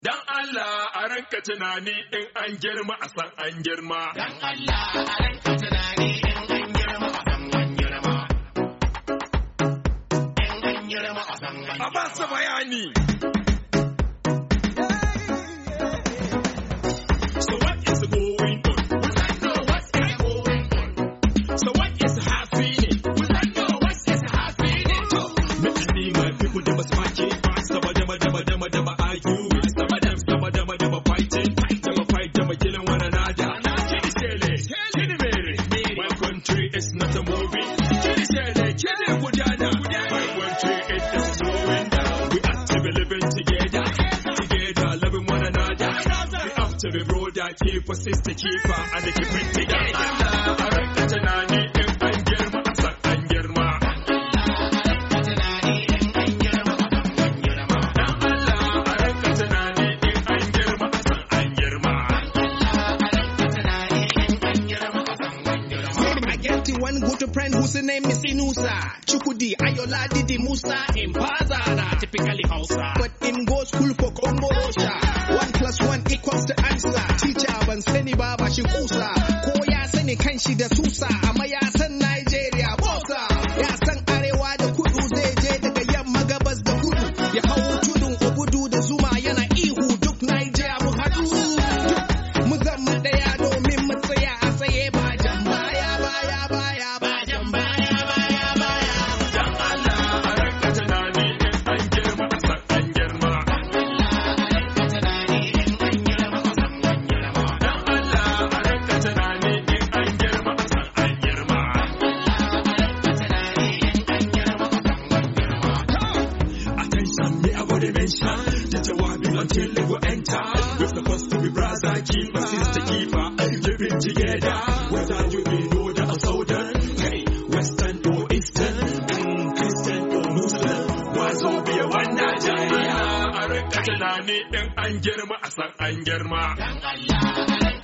Dan Allah a ranka tunani in an girma a san an girma. Dan Allah a ranka tunani in an girma a san an girma. In an girma a san an girma. A ba su bayani. to be brought that keep for sister keeper and the keep it together. I One good friend whose name is Inusa Chukudi Ayola Didi Musa Impazara Typically Hausa But in go school for Congo One plus one equals to sani ba ba shi kusa ko ya sani kan shi da susa a mai until they will enter. we're supposed to be brass, I keep my sister keeper. Keep it together. Whether you be Northern or Southern, hey, Western or Eastern, and Christian or Muslim, was all be one Nigeria. I reckon I need an anger, a son anger.